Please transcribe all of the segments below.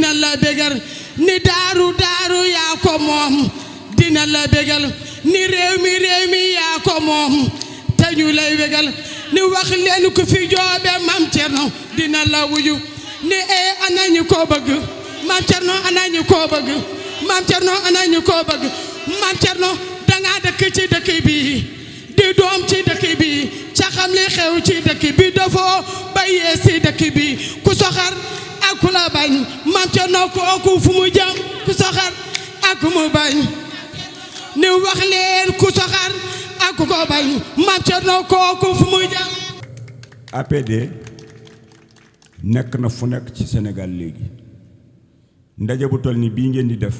dina la bégal ni daaru daaru yaa ko moom dina la bégal ni réew mi réew mi yaa ko moom te ñu lay bégal ni wax leen ku fi joobe maam Cerno dina la wuyu ni ee eh, ana ko bëgg maam Cerno ana ñu ko bëgg maam Cerno ana danga dëkk ci dëkk bi di doom ci dëkk bi ca xam li xew ci dëkk bi dafoo bàyyee si dëkk bi ku soxar ku bañ manco no ku oku fu mu jëm ku soxar ak mu bañ ni wax len ku soxar ak ko bañ manco no oku fu mu APD nek na fu nek ci senegal legi ndaje bu tolni bi ngeen di def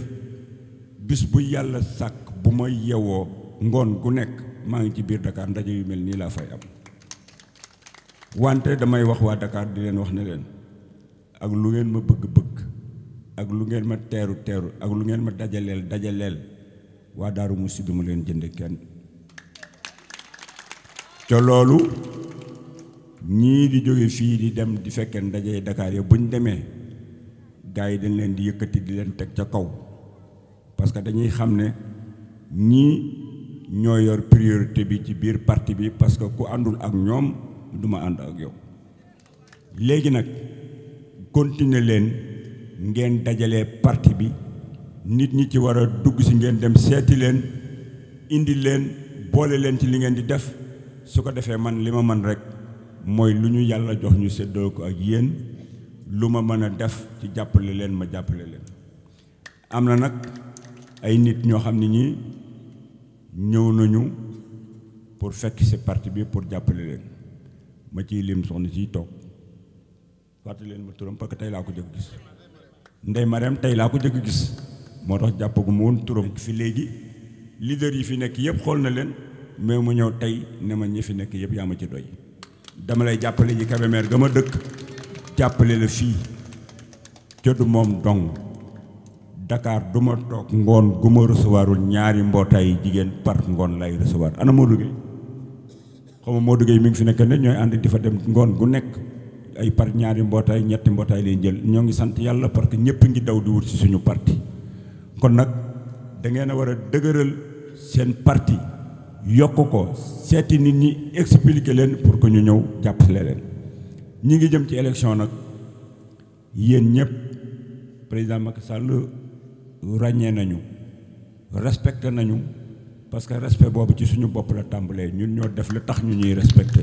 bis bu yalla sak bu ma yewo ngon gu nek ma ngi ci bir Dakar ndaje yu melni la fay am wante damay wax wa Dakar di len wax ne len ak lu ngeen ma bëgg-bëgg ak lu ngeen ma teeru teeru ak lu ngeen ma dajaleel dajaleel waa daaru musi du ma leen jënd kenn ca loolu ñii di jóge fii di dem di fekkee ndaje Dakar ya ñu demee gars yi dañ leen di yëkkati di leen teg ca kaw parce que dañuy xam ne ñii ñoo yor priorité bi ci biir parti bi parce que ku àndul ak ñoom duma ànd ak yow léegi nag continuer leen ngeen dajalee parti bi nit ñi ci war a dugg si ngeen dem seeti leen indi leen boole leen ci li ngeen di def su ko defee man li ma man rek mooy lu ñu yàlla jox ñu seddoo ko ak yéen lu ma mën a def ci jàppale leen ma jàppale leen am na nag ay nit ñoo xam ne ñi ñëw nañu pour fekk si parti bi pour jàppale leen ma ciy lim soxna ciy toog fàttali leen ma turam parce que tey laa ko jëkk gis Ndeye Mariam tey laa ko jëkk gis moo tax jàppagu ma woon turam fi léegi leader yi fi nekk yëpp xool na leen mais mu ñëw tey ne ma ñi fi nekk yëpp yaa ma ci doy dama lay jàppale ji Kébémer ga ma dëkk jàppale la fii coddu moom dong dakaar du ma toog ngoon gu ma recevoirul ñaari mbootaayu jigéen part ngoon lay recevoir ana moo Gueye xaw ma Modou Gueye ngi fi nekk ne ñooy ànd di fa dem ngoon gu nekk ay par ñaari mbootaay ñetti mbootaay lay jël ñoo ngi sant yàlla parce que ñëpp ngi daw di ci suñu parti kon nag da ngeen a war a dëgëral seen parti yokk ko seeti nit ñi expliquer leen pour que ñu ñëw jàppale leen ñi ngi jëm ci élection nag yéen ñëpp président Macky Sall ràññee nañu respecté nañu parce que respect boobu ci suñu bopp la tàmbalee ñun ñoo def la tax ñu ñuy respecté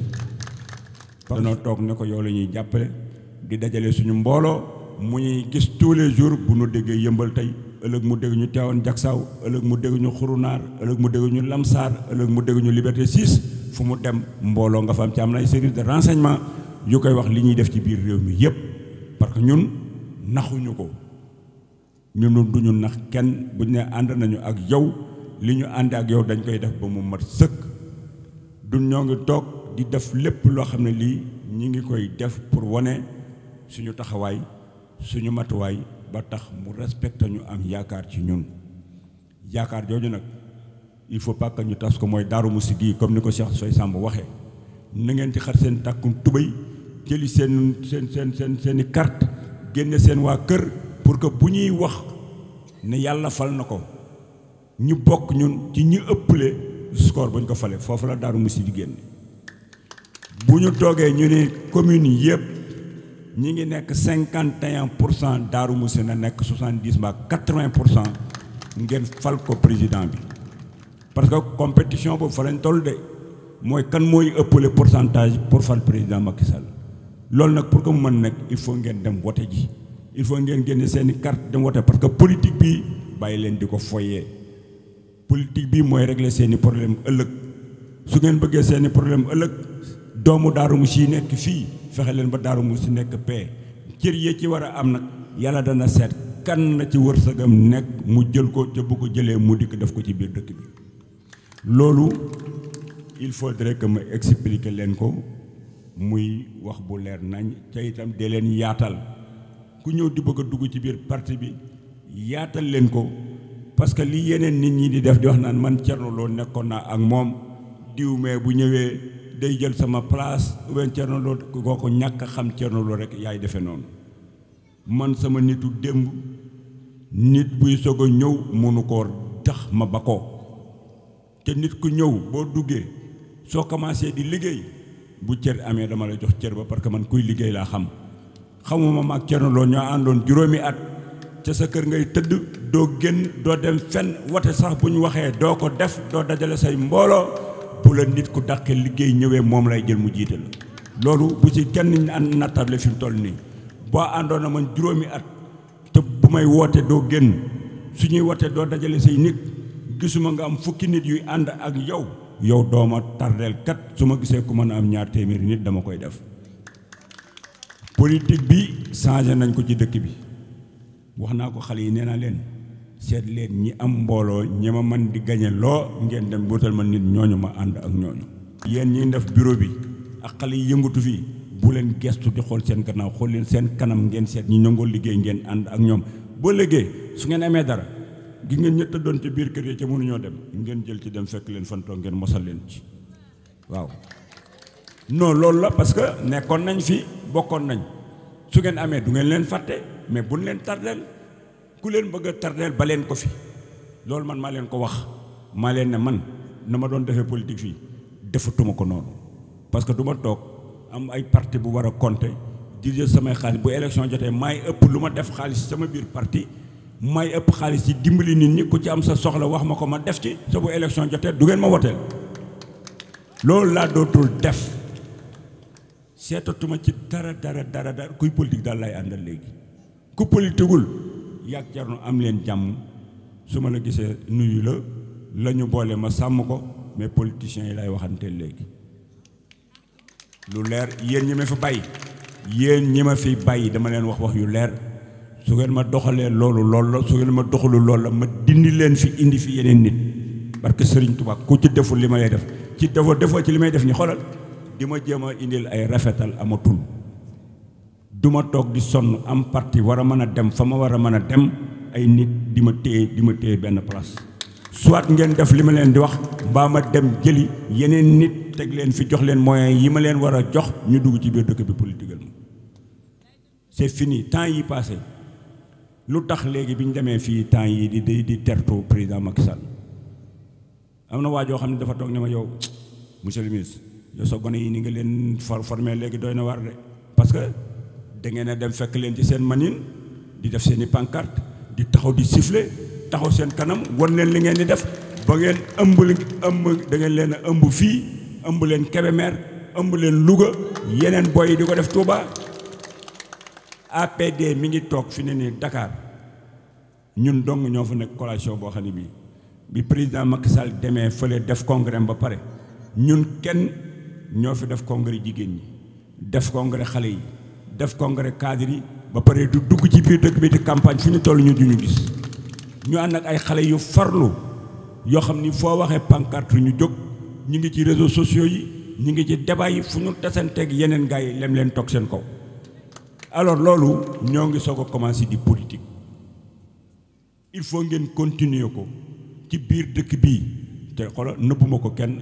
danoo toog ne ko yow la ñuy jàppale di dajale suñu mbooloo mu ñuy gis tous les jours bu nu déggee yëmbal tey ëllëg mu dégg ñu teewoon jaksaaw ëllëg mu dégg ñu xurunaar ëllëg mu dégg ñu lamsaar ëllëg mu dégg ñu liberté 6 fu mu dem mbooloo nga fa am ci am na ay service de renseignement yu koy wax li ñuy def ci biir réew mi yépp parce que ñun naxuñu ko ñun duñu nax kenn buñ ne ànd nañu ak yow li ñu ànd ak yow dañ koy def ba mu mat sëkk du ñoo ngi toog di def lépp loo xam ne lii ñu ngi koy def pour wane suñu taxawaay suñu matuwaay ba tax mu respecte ñu am yaakaar ci ñun yaakaar jooju nag il faut pas que ñu tas ko mooy daaru musi gii comme ni ko Cheikh Soy Samb waxee na ngeen ci xar seen tàkkum tubéy jëli seen seen seen seen seeni i carte génne seen waa kër pour que bu ñuy wax ne yàlla fal na ko ñu bokk ñun ci ñi ëpple score ba ñu ko falee foofu la daaru musi di génne buñu ñu ñu ni commune yépp ñi ngi nekk 51% et musse na nekk 70 ba 80% quatre vingt pour ngeen fal ko président bi parce que compétition bu fa lañ toll de mooy kan mooy ëppale pourcentage pour fal président Macky Sall loolu nag pour que mu mën nekk il faut ngeen dem wote ji il faut ngeen génne seen carte dem wote parce que politique bi bàyyi leen di ko foyee politique bi mooy régler seen i problème ëllëg su ngeen bëggee seen i problème ëllëg doomu Daaru Musi yi nekk fii fexe leen ba Daaru Musi nekk paix cër yi ci war a am nag yàlla dana seet kan la ci wërsëgam nekk mu jël ko ca bu jëlee mu dikk def ko ci biir dëkk bi loolu il faut faudrait que ma expliquer leen ko muy wax bu leer nañ ca itam de leen yaatal ku ñëw di bëgg a dugg ci biir partie bi yaatal leen ko parce que li yeneen nit ñi di def di wax naan man Thierno Lo nekkoon naa ak moom diw mee bu ñëwee day jël sama place ou bien Thierno koo ko ñàkk a xam Thierno Lo rek yaay defe noonu man sama nitu démb nit buy sog a ñëw mënu koo tax ma ba ko te nit ku ñëw boo duggee soo commencé di liggéey bu cër amee dama lay jox cër ba parce que man kuy liggéey laa xam xamuma maag Thierno Lo ñoo àndoon juróomi at ca sa kër ngay tëdd doo génn doo dem fenn wate sax bu ñu waxee doo ko def doo dajale say mbooloo bu la nit ku dàqe liggéey ñëwee moom lay jël mu jiite la loolu bu ci kenn nattable fi mu toll nii boo àndoon na man juróomi at te bu may woote doo génn su ñuy wootee doo dajale say nit gisuma nga am fukki nit yuy ànd ak yow yow dooma tardeel kat su ma gisee ku mën a am ñaar téeméeri nit dama koy def politique bi changé nañ ko ci dëkk bi wax naa ko xale yi nee naa leen seet leen ñi am mbooloo ñi man di gañe loo ngeen dem bootal ma nit ñooñu ma ànd ak ñooñu yéen ñi def bureau bi ak xale yi yëngatu fii bu leen gestu di xool seen gannaaw xool leen seen kanam ngeen seet ñi ñongoo liggéey ngeen ànd ak ñoom boo liggéey su ngeen amee dara gi ngeen ñett doon ci biir kër yi ca mënuñoo dem ngeen jël ci dem fekk leen fantoo ngeen mosal leen ci waaw non loolu la parce que nekkoon nañ fi bokkoon nañ su ngeen amee du ngeen leen fàtte mais buñ leen tardeel ku leen bëgg a tardeel ba leen ko fi loolu man maa leen ko wax maa leen ne man na ma doon defee politique fii defatuma ko noonu parce que du toog am ay parti bu war a compter di samay xaalis bu élection jotee maay ëpp lu ma def xaalis sama biir parti maay ëpp xaalis ci dimbali nit ñi ku ci am sa soxla wax ma ko ma def ci sa bu élection du ngeen ma woteel loolu laa dootul def seetatuma ci dara dara dara dara kuy politique daal lay àndal léegi ku politiqueul yàgg Cerno am leen jàmm su ma la gisee nuyu la la ñu boole ma sàmm ko mais politiciens yi lay waxanteel léegi lu leer yéen ñi ma fi bàyyi yéen ñi ma fi bàyyi dama leen wax wax yu leer su ngeen ma doxalee loolu loolu la su ngeen ma doxalu loolu la ma dindi leen fi indi fi yeneen nit parce que Serigne Touba ku ci deful li ma lay def ci defoo defoo ci li may def ni xoolal di ma jéem a indil ay rafetal amatul du ma toog di sonn am parti war a mën a dem fa ma war a mën a dem ay nit di ma téye di ma téye benn place soit ngeen def li ma leen di wax mbaa ma dem jëli yeneen nit teg leen fi jox leen moyen yi ma leen war a jox ñu dugg ci biir dëkk bi politique ma c'est fini temps yi passé lu tax léegi bi ñu demee fii temps yi di di di tertu président Macky Sall am na waa joo xam ne dafa toog ne ma yow monsieur le ministre yow sa gone yi ni nga leen formé léegi doy na war de da ngeen a dem fekk leen ci seen manin di def seen i pancarte di taxaw di siffler taxaw seen kanam wan leen li ngeen di def ba ngeen ëmb li ëmb da ngeen leen a ëmb fii ëmb leen Kébémer ëmb leen Louga yeneen boy yi di ko def Touba APD mi ngi toog fi ne nii Dakar ñun dong ñoo fa nekk collation boo xam ne bii bi président Macky Sall demee fële def congrès ba pare ñun kenn ñoo fi def congrès jigéen ñi def congrès xale yi def congrès cadre yi ba pare du dugg ci biir dëkk bi di campagne fu ñu toll ñu duñu gis ñu ànd ak ay xale yu farlu yoo xam ni foo waxee pancarte ñu jóg ñu ngi ci réseaux sociaux yi ñu ngi ci débat yi fu ñu tasanteeg yeneen gars yi lem leen toog seen kaw alors loolu ñoo ngi soog a commencé di politique il faut ngeen continuer ko ci biir dëkk bii te xoolal nëbbuma ko kenn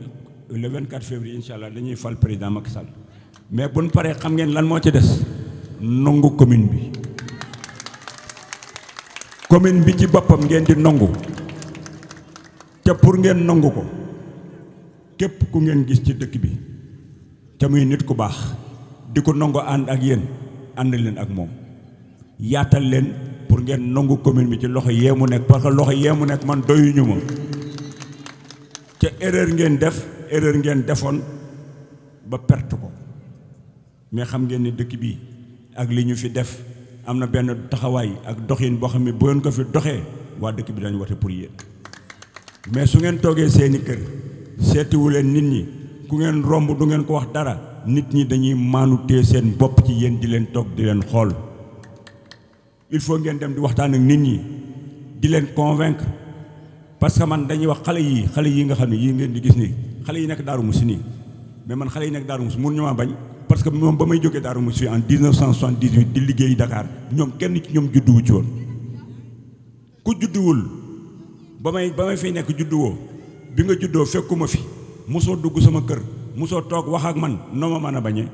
le 24 février incha allah dañuy fal président Macky Sall mais buñ paree xam ngeen lan moo ci des nangu commune bi commune bi ci boppam ngeen di nangu te pour ngeen nangu ko képp ku ngeen gis ci dëkk bi te muy nit ku baax di ko nangu ànd ak yéen ànd leen ak moom yaatal leen pour ngeen nangu commune bi ci loxo yee mu nekk parce que loxo yee mu nekk man doyuñu ma ca erreur ngeen def erreur ngeen defoon ba perte ko mais xam ngeen ne dëkk bii ak li ñu fi def am na benn taxawaay ak doxin boo xam ne bu ngeen ko fi doxee waa dëkk bi dañu wate pour yéen mais su ngeen toogee seeni kër seetiwu leen nit ñi ku ngeen romb du ngeen ko wax dara nit ñi dañuy maanu seen bopp ci yéen di leen toog di leen xool il faut ngeen dem di waxtaan ak nit ñi di leen convaincre parce que man dañuy wax xale yi xale yii nga xam ne yii ngeen di gis nii xale yi nekk daarumu si nii mais man xale yi nekk daaru musi mun bañ parce que moom ba may jógee Darou Moussi en 1978 di liggéey Dakar ñoom kenn ci ñoom judduwu ci woon ku judduwul ba may ba may fiy nekk judduwoo bi nga juddoo fekkuma fi mosoo dugg sama kër mosoo toog wax ak man noo ma mën a bañee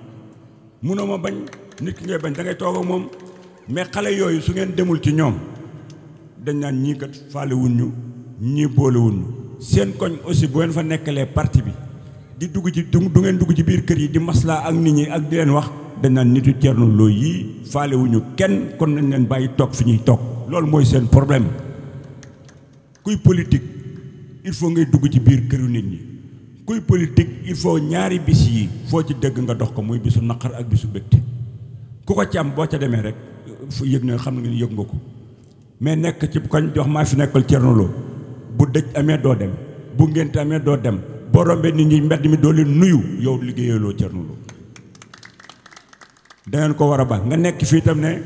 munoo ma bañ nit ki ngay bañ da ngay toog moom mais xale yooyu su ngeen demul ci ñoom dañ naan ñii kat faalewuñ ñu ñii boolewuñu seen koñ aussi bu ngeen fa nekkalee parti bi. di dugg ci du ngeen dugg ci biir kër yi di maslaa ak nit ñi ak di leen wax dañ naan nitu Thierno Lo yii faale wuñu kenn kon nañ leen bàyyi toog fi ñuy toog loolu mooy seen problème kuy politique il faut ngay dugg ci biir këru nit ñi kuy politique il faut ñaari bis yi foo ci dégg nga dox ko muy bisu naqar ak bisu bëgte ku ko ci boo ca demee rek fu yëg na xam nga ni yëg nga ko mais nekk ci koñ jox maa fi nekkal nu Lo bu dëj amee doo dem bu ngénte amee doo dem boo rombee nit ñi mbedd mi doo leen nuyu yow liggéeyaloo Thierno Lo dangeen ko war a ba nga nekk fii tam ne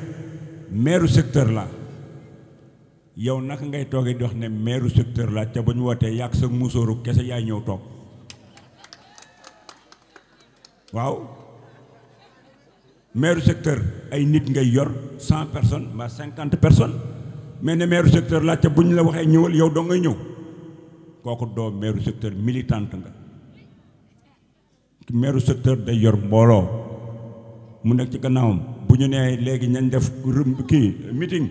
maire secteur la yow naka ngay toogee di wax ne maire secteur la te ba ñu wootee yàq sa musóoru kese yaay ñëw toog waaw maire secteur ay nit ngay yor cent personnes mbaa cinquante personnes mais ne maire secteur la bu ñu la waxee ñëwal yow doo ngay ñëw kooku doo meeru secteur militante nga meeru secteur day yor mbooloo mu nekk ci gannaawam bu ñu nee léegi ñañ def kii meeting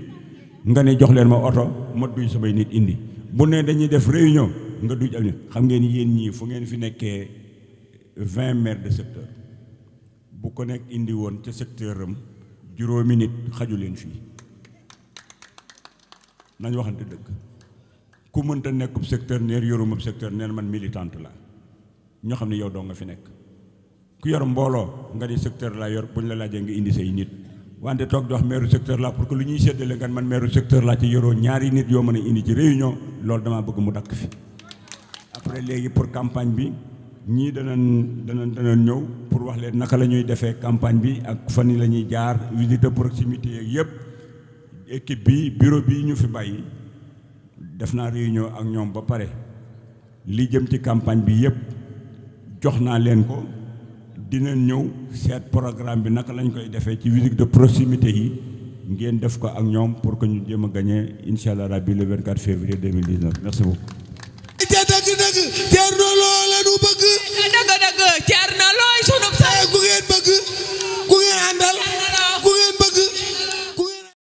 nga ne jox leen ma oto ma duy samay nit indi bu nee dañuy def réunion nga duj am xam ngeen yéen ñii fu ngeen fi nekkee vingt maire de secteur bu ko nekk indi woon ca secteur am juróomi nit xaju leen fii nañ waxante dëkk ku mënta nekkub secteur neer yoruma secteur neen man militante la ñoo xam ne yow doo nga fi nekk ku yor mbooloo nga di secteur laa yor bu ñu la laajee nga indi say nit wante toog jox wax meeru secteur laa pour que lu ñuy séddale nga man meeru secteur laa ci yoroo ñaari nit yoo mën a indi ci réunion loolu dama bëgg mu dakk fi après léegi pour campagne bi ñii danañ danañ danañ ñëw pour wax leen naka la ñuy defee campagne bi ak fan yi la ñuy jaar visite proximité yeeg yëpp équipe bi bureau bi ñu fi bàyyi def naa réunion ak ñoom ba pare li jëm ci campagne bi yépp jox naa leen ko dina ñëw seet programme bi naka lañ koy defee ci visite de proximité yi ngeen def ko ak ñoom pour que ñu jëm a gagné incha allah rabi le 24 février 2019 merci beaucoup. ca dëgg dëgg Thierno ku ngeen bëgg ku ngeen àndal.